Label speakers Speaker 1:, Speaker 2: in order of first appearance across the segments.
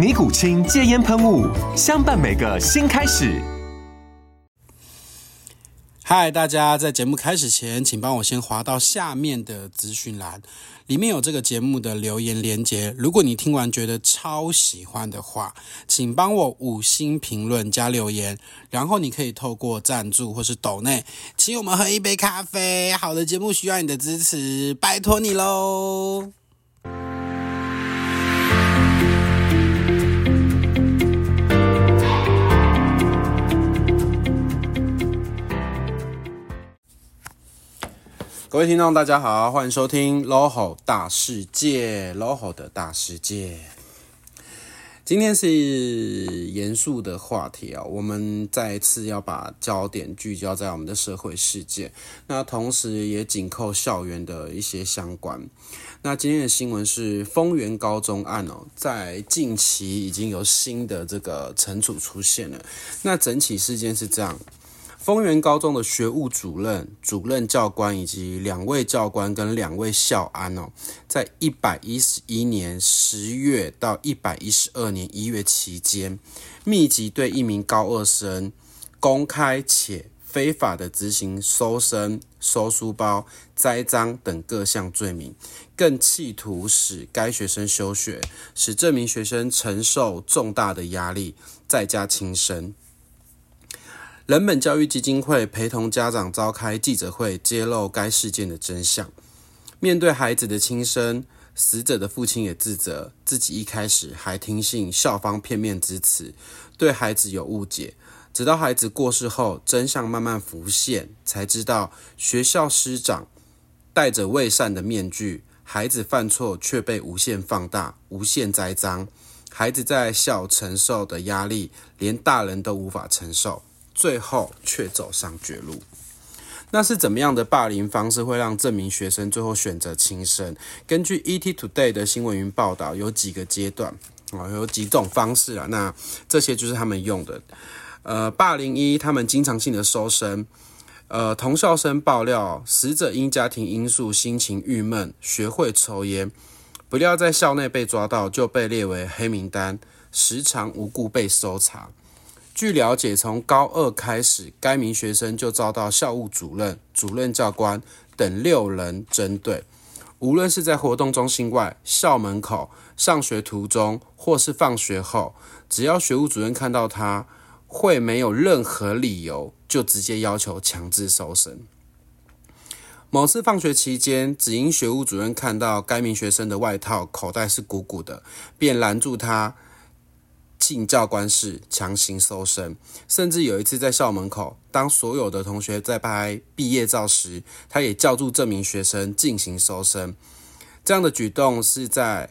Speaker 1: 尼古清戒菸噴霧，相伴每個新開始。嗨，大家！在節目開始前，請幫我先滑到下面的資訊欄，裡面有這個節目的留言連結。如果你聽完覺得超喜歡的話，請幫我五星評論加留言。然後你可以透過贊助或是抖內，請我們喝一杯咖啡。好的節目需要你的支持，拜托你嘍！各位聽眾，大家好，歡迎收聽《LoHo 大世界》，LoHo 的大世界。今天是嚴肅的話題啊、哦，我們再一次要把焦點聚焦在我們的社會事件，那同時也緊扣校園的一些相關。那今天的新聞是豐原高中案哦，在近期已經有新的這個懲處出現了。那整起事件是這樣。豐原高中的學務主任、主任教官以及兩位教官跟兩位校安哦，在一百一十一年十月到一百一十二年一月期間，密集對一名高二生公開且非法的執行搜身、搜書包、栽贓等各項罪名，更企圖使該學生休學，使這名學生承受重大的壓力，在家輕生。人本教育基金會陪同家長召開記者會，揭露該事件的真相。面對孩子的輕生，死者的父親也自責，自己一開始還聽信校方片面之詞，對孩子有誤解。直到孩子過世後，真相慢慢浮現，才知道學校師長戴着偽善的面具，孩子犯錯卻被無限放大、無限栽贓。孩子在校承受的壓力，連大人都無法承受。最後卻走上絕路，那是怎麼樣的霸凌方式會讓這名學生最後選擇輕生？根據《ET Today》的新聞雲報道，有幾個階段啊，有幾種方式啊。那這些就是他們用的，呃，霸凌一，他們經常性的搜身，呃，同校生爆料，死者因家庭因素心情鬱悶，學會抽菸，不料在校內被抓到就被列為黑名單，時常無故被搜查。據了解，從高二開始，該名學生就遭到校務主任、主任教官等六人針對。無論是在活動中心外、校門口、上學途中，或是放學後，只要學務主任看到他，會沒有任何理由就直接要求強制搜身。某次放學期間，只因學務主任看到該名學生的外套口袋是鼓鼓的，便攔住他。進教官室強行搜身，甚至有一次在校門口，當所有的同學在拍畢業照時，他也叫住這名學生進行搜身。這樣的舉動是在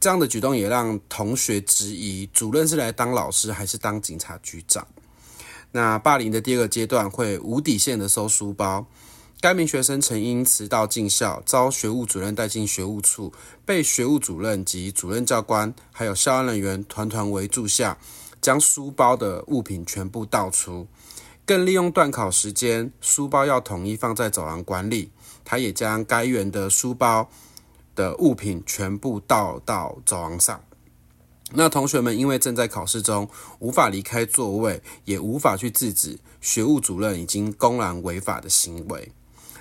Speaker 1: 這樣的舉動也讓同學質疑主任是來當老師還是當警察局長。那霸凌的第二個階段會無底線的搜書包。該名學生曾因遲到進校，遭學務主任帶進學務處，被學務主任及主任教官，還有校安人員團團圍住下，將書包的物品全部倒出，更利用段考時間，書包要統一放在走廊管理，他也將該員的書包的物品全部倒到走廊上。那同學們因為正在考試中，無法離開座位，也無法去制止學務主任已經公然違法的行為。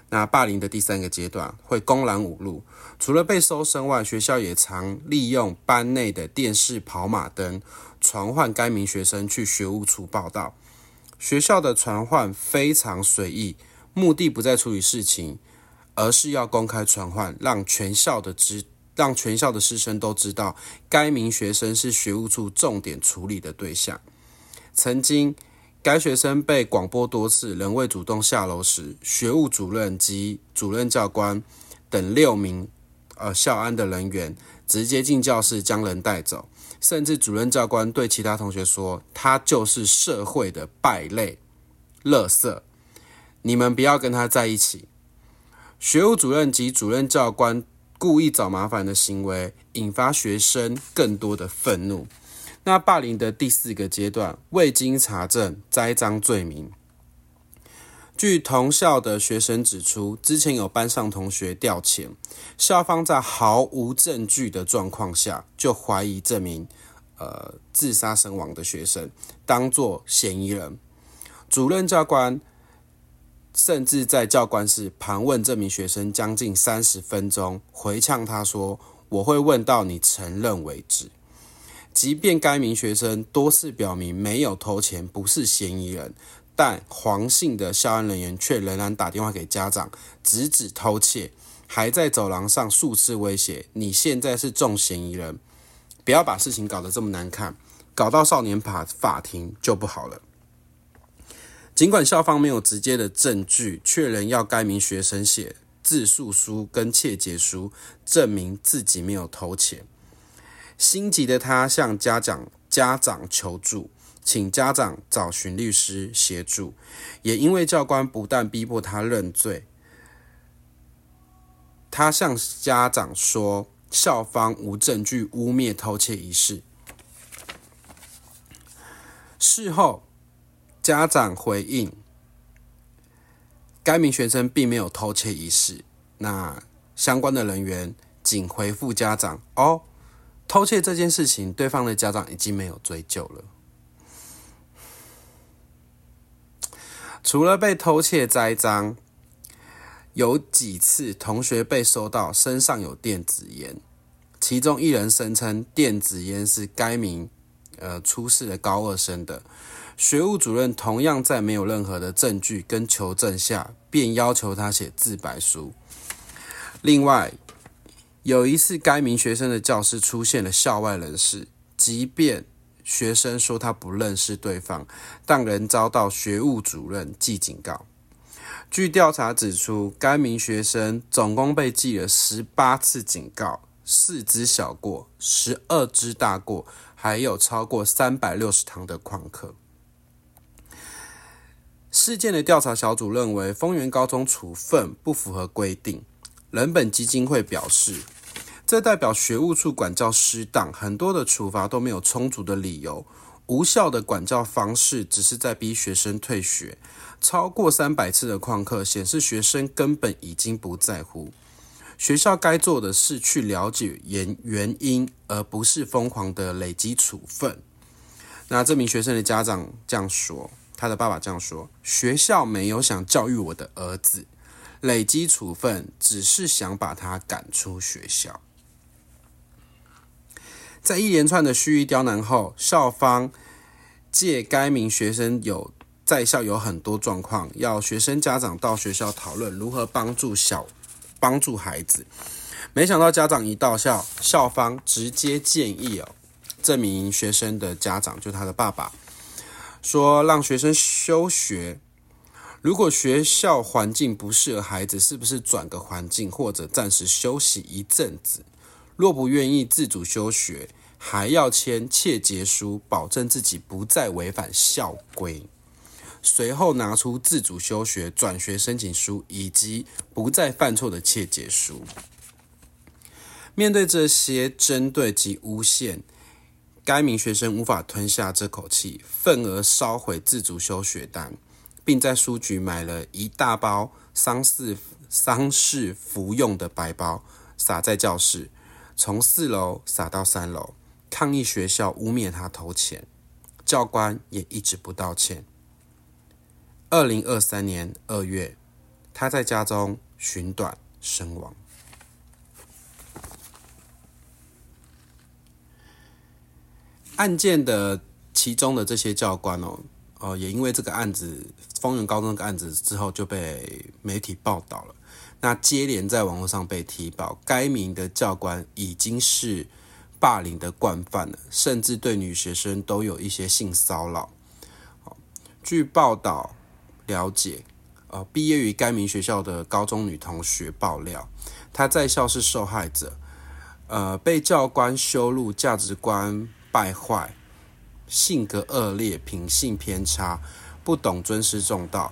Speaker 1: 那霸凌的第三個階段會公然侮辱，除了被搜身外，學校也常利用班內的電視跑馬燈傳喚該名學生去學務處報到。學校的傳喚非常隨意，目的不在處理事情，而是要公開傳喚，讓全校的知，讓全校的師生都知道該名學生是學務處重點處理的對象。曾經該學生被廣播多次仍未主動下樓時，學務主任及主任教官等六名呃校安的人員直接進教室將人帶走，甚至主任教官對其他同學說：“他就是社會的敗類，垃圾。你們不要跟他在一起。”學務主任及主任教官故意找麻煩的行為，引發學生更多的憤怒。那霸凌的第四個階段，未經查證栽贓罪名。據同校的學生指出，之前有班上同學掉錢，校方在毫無證據的狀況下，就懷疑這名呃自殺身亡的學生當做嫌疑人。主任教官甚至在教官室盤問這名學生將近三十分鐘，回嗆他說：“我會問到你承認為止。”即便該名學生多次表明沒有偷錢，不是嫌疑人，但黃姓的校安人員卻仍然打電話給家長，直指偷竊，還在走廊上數次威脅：“你現在是重嫌疑人，不要把事情搞得這麼難看，搞到少年法法庭就不好了。”儘管校方沒有直接的證據確認，要該名學生寫自訴書跟切結書，證明自己沒有偷錢。心急的他向家長家長求助，請家長找尋律師協助。也因為教官不但逼迫他認罪，他向家長說校方無證據污衊偷竊一事。事後，家長回應，該名學生並沒有偷竊一事。那相關的人員僅回復家長哦。偷竊這件事情，對方的家長已經沒有追究了。除了被偷竊栽贓，有幾次同學被搜到身上有電子菸，其中一人聲稱電子菸是該名呃出事的高二生的。學務主任同樣在沒有任何的證據跟求證下，便要求他寫自白書。另外，有一次，該名學生的教室出現了校外人士，即便學生說他不認識對方，但仍遭到學務主任記警告。據調查指出，該名學生總共被記了十八次警告，四支小過，十二支大過，還有超過三百六十堂的曠課。事件的調查小組認為，豐原高中處分不符合規定。人本基金會表示，這代表學務處管教失當，很多的處罰都沒有充足的理由，無效的管教方式只是在逼學生退學。超過三百次的曠課顯示學生根本已經不在乎。學校該做的是去了解原原因，而不是瘋狂的累積處分。那這名學生的家長這樣說，他的爸爸這樣說：學校沒有想教育我的兒子，累積處分只是想把他趕出學校。在一連串的蓄意刁難後，校方借該名學生有在校有很多狀況，要學生家長到學校討論如何幫助小幫助孩子。沒想到家長一到校，校方直接建議哦，這名學生的家長就他的爸爸說，讓學生休學，如果學校環境不適合孩子，是不是轉個環境或者暫時休息一陣子？若不願意自主休學，還要簽切結書，保證自己不再違反校規。隨後拿出自主休學、轉學申請書以及不再犯錯的切結書。面對這些針對及誣陷，該名學生無法吞下這口氣，憤而燒毀自主休學單，並在書局買了一大包喪事喪事服用的白包，撒在教室。從四樓撒到三樓，抗議學校汙衊他偷錢，教官也一直不道歉。二零二三年二月，他在家中尋短身亡。案件的其中的這些教官哦哦，也因為這個案子，豐原高中這個案子之後就被媒體報道了。那接連在網絡上被踢爆，該名的教官已經是霸凌的慣犯了，甚至對女學生都有一些性騷擾。據報道了解，呃，畢業於該名學校的高中女同學爆料，她在校是受害者，呃，被教官羞辱，價值觀敗壞，性格惡劣，品性偏差，不懂尊師重道。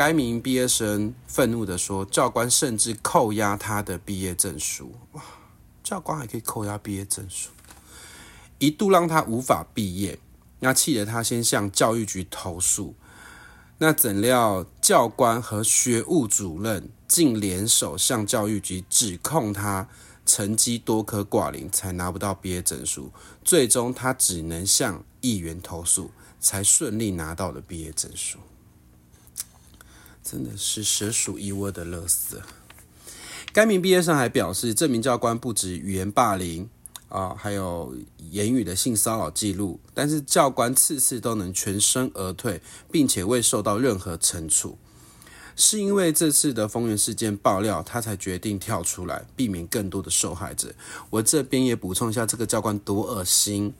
Speaker 1: 該名畢業生憤怒地說：“教官甚至扣押他的畢業證書，哇，教官還可以扣押畢業證書，一度讓他無法畢業。那氣得他先向教育局投訴。那怎料教官和學務主任竟聯手向教育局指控他成績多科掛零，才拿不到畢業證書。最終，他只能向議員投訴，才順利拿到了畢業證書。”真的是蛇鼠一窩的垃圾。該名畢業生還表示，這名教官不止語言霸凌，啊、哦，還有言語的性騷擾記錄，但是教官次次都能全身而退，並且未受到任何懲處，是因為這次的豐原事件爆料，他才決定跳出來，避免更多的受害者。我這邊也補充一下，這個教官多噁心，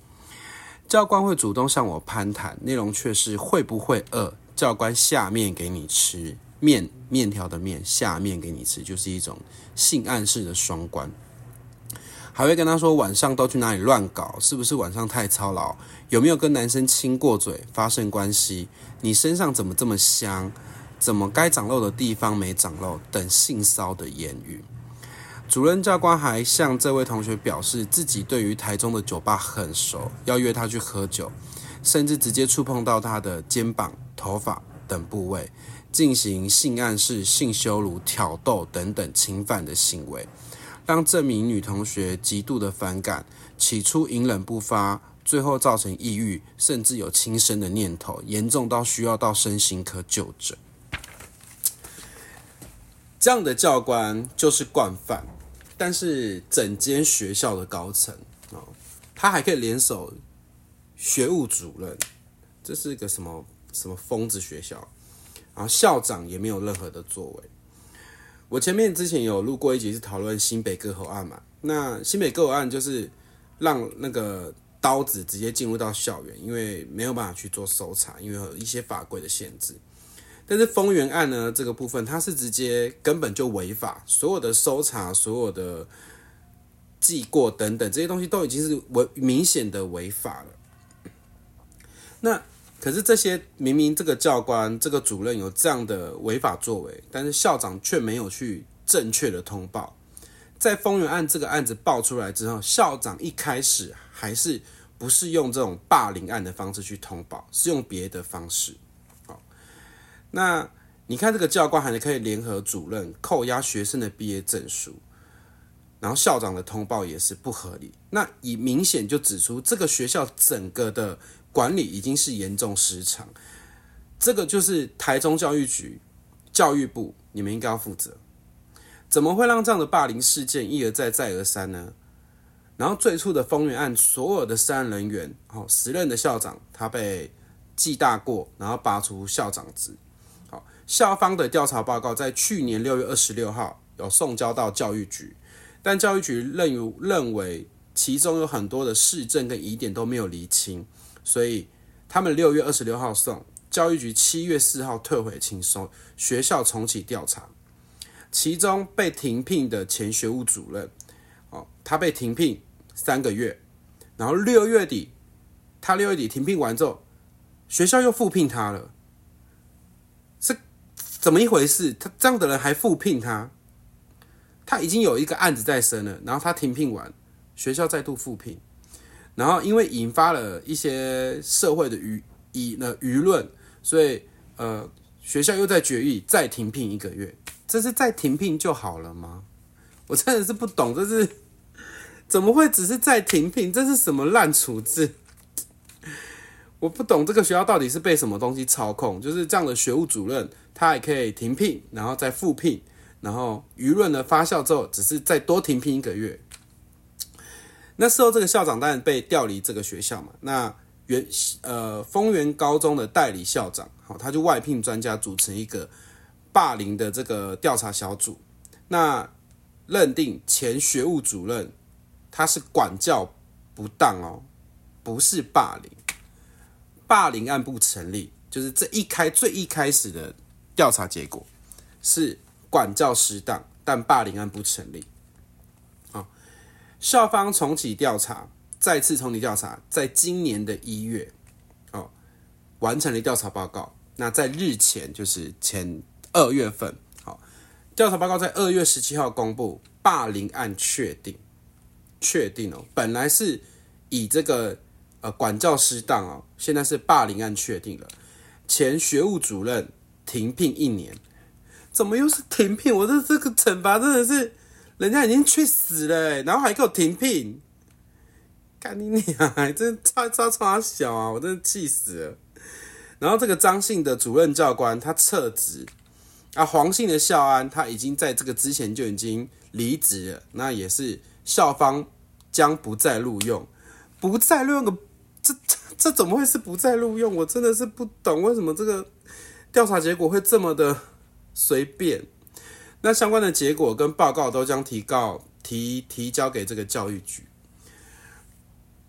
Speaker 1: 教官會主動向我攀談，內容卻是會不會餓。教官下麵給你吃麵，麵條的麵，下麵給你吃，就是一種性暗示的雙關，還會跟他說晚上都去哪裡亂搞，是不是晚上太操勞？有沒有跟男生親過嘴、發生關係？你身上怎麼這麼香？怎麼該長肉的地方沒長肉等性騷的言語，主任教官還向這位同學表示自己對於台中的酒吧很熟，要約他去喝酒，甚至直接觸碰到他的肩膀。頭髮等部位進行性暗示、性羞辱、挑逗等等侵犯的行為，讓這名女同學極度的反感。起初隱忍不發，最後造成抑鬱，甚至有輕生的念頭，嚴重到需要到身心科就診。這樣的教官就是慣犯，但是整間學校的高層哦，他還可以聯手學務主任，這是一個什麼？什麼瘋子學校，然後校長也沒有任何的作為。我前面之前有錄過一集是討論新北割喉案嘛，那新北割喉案就是讓那個刀子直接進入到校園，因為沒有辦法去做搜查，因為有一些法規的限制。但是豐原案呢，這個部分它是直接根本就違法，所有的搜查、所有的記過等等這些東西，都已經是明顯的違法了。那。可是這些明明這個教官、這個主任有這樣的違法作為，但是校長卻沒有去正確的通報。在豐原案這個案子爆出來之後，校長一開始還是不是用這種霸凌案的方式去通報，是用別的方式。好，那你看這個教官還是可以聯合主任扣押學生的畢業證書，然後校長的通報也是不合理。那以明顯就指出這個學校整個的。管理已經是嚴重失常，這個就是台中教育局、教育部，你們應該要負責。怎麼會讓這樣的霸凌事件一而再、再而三呢？然後最初的豐原案，所有的涉案人員，好、哦，時任的校長他被記大過，然後拔除校長職。好、哦，校方的調查報告在去年六月二十六號有送交到教育局，但教育局認為認為其中有很多的事證跟疑點都沒有釐清。所以，他們六月二十六號送教育局，七月四號退回請收學校重啟調查。其中被停聘的前學務主任，哦，他被停聘三個月，然後六月底，他六月底停聘完之後，學校又復聘他了，是怎麼一回事？他這樣的人還復聘他？他已經有一個案子在身了，然後他停聘完，學校再度復聘。然後，因為引發了一些社會的輿以呢輿論，所以呃，學校又在決議再停聘一個月。這是再停聘就好了嗎？我真的是不懂，這是怎麼會只是在停聘？這是什麼爛處置？我不懂這個學校到底是被什麼東西操控？就是這樣的學務主任，他也可以停聘，然後再復聘，然後輿論的發酵之後，只是再多停聘一個月。那時候這個校長當然被調離這個學校嘛。那原呃豐原高中的代理校長，好，他就外聘專家組成一個霸凌的這個調查小組。那認定前學務主任他是管教不當哦，不是霸凌，霸凌案不成立。就是這一開最一開始的調查結果是管教失當，但霸凌案不成立。校方重啟調查，再次重啟調查，在今年的一月，哦，完成了調查報告。那在日前，就是前二月份，好、哦，調查報告在二月十七號公布，霸凌案確定，確定哦，本來是以這個呃管教失當哦，現在是霸凌案確定了，前學務主任停聘一年，怎麼又是停聘？我這，這個懲罰真的是。人家已經去死了，欸，然後還給我停聘，幹你娘，你真差差差小啊！我真的氣死了。然後這個張姓的主任教官他撤職，啊，黃姓的校安他已經在這個之前就已經離職了，那也是校方將不再錄用，不再錄用的，這，這，這怎麼會是不再錄用？我真的是不懂為什麼這個調查結果會這麼的隨便。那相關的結果跟報告都將提告提提交給這個教育局，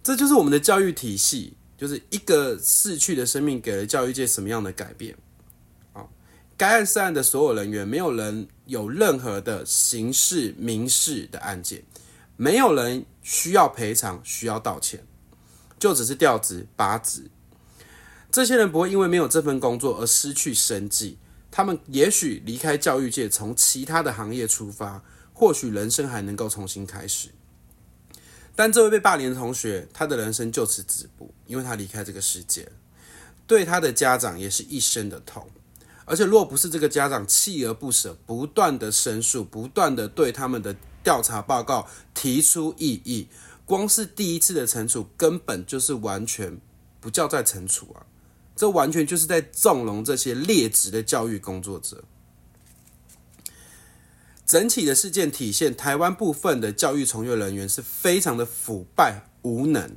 Speaker 1: 這就是我們的教育體系，就是一個逝去的生命給了教育界什麼樣的改變？啊，該案涉案的所有人員，沒有人有任何的刑事、民事的案件，沒有人需要賠償、需要道歉，就只是調職、拔職，這些人不會因為沒有這份工作而失去生計。他們也許離開教育界，從其他的行業出發，或許人生還能夠重新開始。但這位被霸凌的同學，他的人生就此止步，因為他離開這個世界，對他的家長也是一生的痛。而且若不是這個家長鍥而不捨，不斷的申訴，不斷的對他們的調查報告提出異議，光是第一次的懲處，根本就是完全不叫再懲處啊。這完全就是在縱容這些劣質的教育工作者。整體的事件體現，台灣部分的教育從業人員是非常的腐敗無能。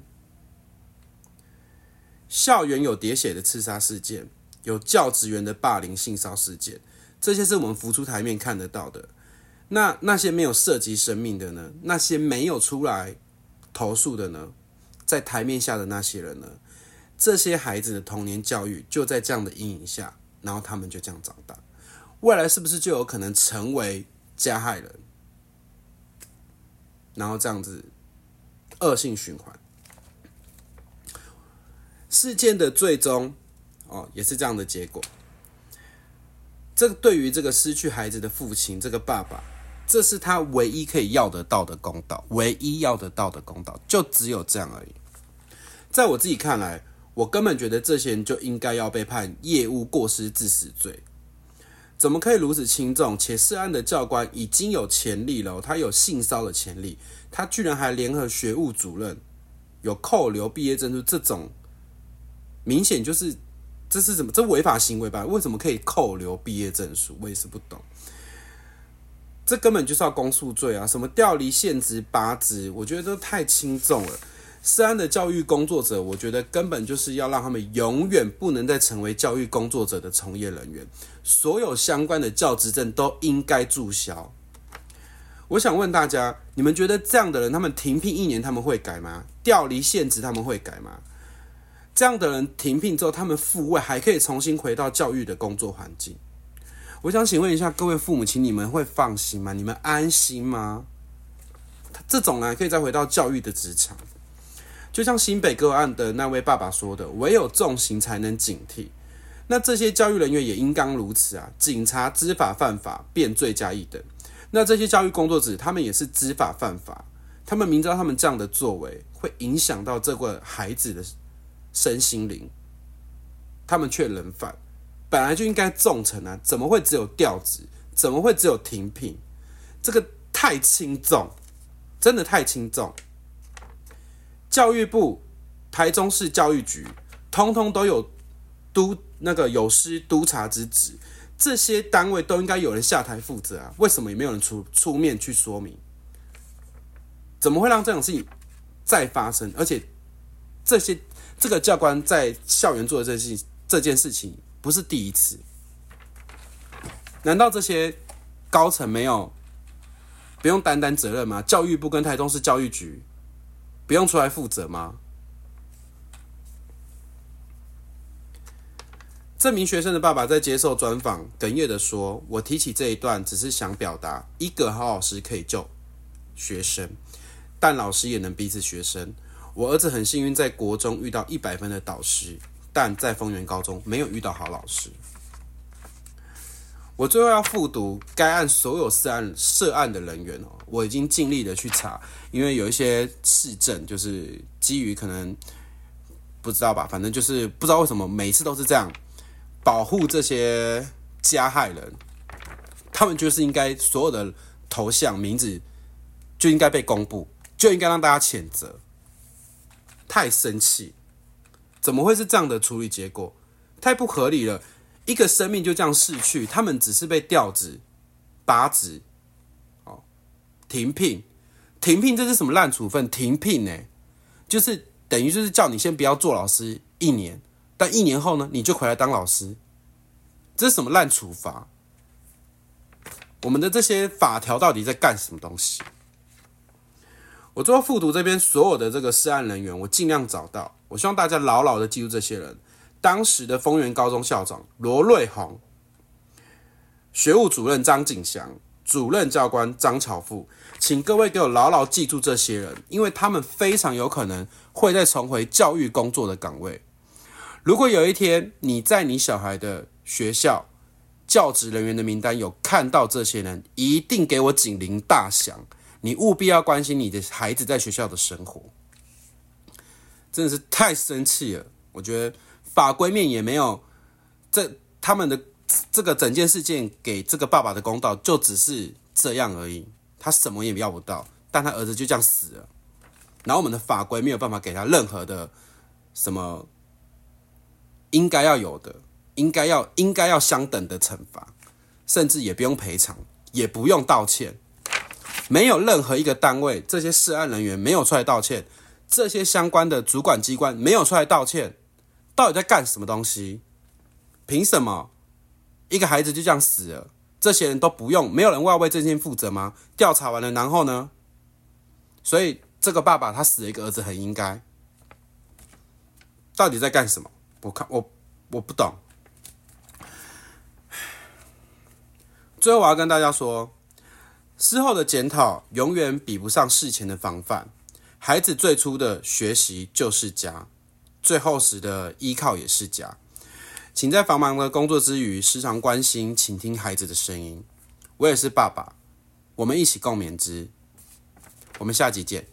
Speaker 1: 校園有喋血的刺殺事件，有教職員的霸凌性騷事件，這些是我們浮出台面看得到的。那那些沒有涉及生命的呢？那些沒有出來投訴的呢？在台面下的那些人呢？這些孩子的童年教育就在這樣的陰影下，然後他們就這樣長大，未來是不是就有可能成為加害人？然後這樣子惡性循環，事件的最終哦也是這樣的結果。這個對於這個失去孩子的父親，這個爸爸，這是他唯一可以要得到的公道，唯一要得到的公道就只有這樣而已。在我自己看來。我根本覺得這些人就應該要被判業務過失致死罪，怎麼可以如此輕重？且涉案的教官已經有潛力了，他有性騷擾的潛力，他居然還聯合學務主任有扣留畢業證書，這種明顯就是這是什麼？這違法行為吧？為什麼可以扣留畢業證書？我也是不懂。這根本就是要公訴罪啊！什麼調離限職、八職，我覺得都太輕重了。三的教育工作者，我覺得根本就是要讓他們永遠不能再成為教育工作者的從業人員，所有相關的教職證都應該註銷。我想問大家，你們覺得這樣的人，他們停聘一年，他們會改嗎？調離現職，他們會改嗎？這樣的人停聘之後，他們復位還可以重新回到教育的工作環境？我想請問一下各位父母親，你們會放心嗎？你們安心嗎？這種人可以再回到教育的職場？就像新北個案的那位爸爸說的：“唯有重刑才能警惕。”那這些教育人員也應當如此啊！警察知法犯法，便罪加一等。那這些教育工作者，他們也是知法犯法，他們明知道他們這樣的作為會影響到這個孩子的身心靈，他們卻仍犯。本來就應該重懲啊！怎麼會只有調職？怎麼會只有停聘？這個太輕重，真的太輕重。教育部、台中市教育局，通通都有督那個有失督察之職，這些單位都應該有人下台負責啊？為什麼也沒有人出出面去說明？怎麼會讓這種事情再發生？而且這些這個教官在校園做的這些事情這件事情不是第一次，難道這些高層沒有不用擔擔責任嗎？教育部跟台中市教育局？不用出來負責嗎？這名學生的爸爸在接受專訪，哽咽地說：“我提起這一段，只是想表達，一個好老師可以救學生，但老師也能逼死學生。我兒子很幸運，在國中遇到一百分的導師，但在豐原高中沒有遇到好老師。”我最後要復讀該案所有涉案涉案的人員哦，我已經盡力的去查，因為有一些事證就是基於可能不知道吧，反正就是不知道為什麼每次都是這樣保護這些加害人，他們就是應該所有的頭像名字就應該被公布，就應該讓大家譴責。太生氣，怎麼會是這樣的處理結果？太不合理了。一個生命就這樣逝去，他們只是被調職、拔職哦，停聘、停聘，這是什麼爛處分？停聘呢、欸，就是等於就是叫你先不要做老師一年，但一年後呢，你就回來當老師，這是什麼爛處罰？我們的這些法條到底在幹什麼東西？我做到複讀這邊所有的這個涉案人員，我盡量找到，我希望大家牢牢的記住這些人。當時的豐原高中校長羅瑞紅，學務主任張景祥、主任教官張巧富，請各位給我牢牢記住這些人，因為他們非常有可能會再重回教育工作的崗位。如果有一天你在你小孩的學校教職人員的名單有看到這些人，一定給我警鈴大響，你務必要關心你的孩子在學校的生活。真的是太生氣了，我覺得。法規面也沒有，這他們的這個整件事件給這個爸爸的公道就只是這樣而已，他什麼也要不到，但他兒子就這樣死了，然後我們的法規沒有辦法給他任何的什麼應該要有的，應該要應該要相等的懲罰，甚至也不用賠償，也不用道歉，沒有任何一個單位這些涉案人員沒有出來道歉，這些相關的主管機關沒有出來道歉。到底在幹什麼東西？憑什麼一個孩子就這樣死了？這些人都不用，沒有人要為這些負責嗎？調查完了，然後呢？所以這個爸爸他死了一個兒子，很應該。到底在幹什麼？我看我我不懂。最後我要跟大家說，事後的檢討永遠比不上事前的防範。孩子最初的學習就是家。最厚實的依靠也是家，請在繁忙的工作之餘，時常關心、傾聽孩子的聲音。我也是爸爸，我們一起共勉之。我們下集見。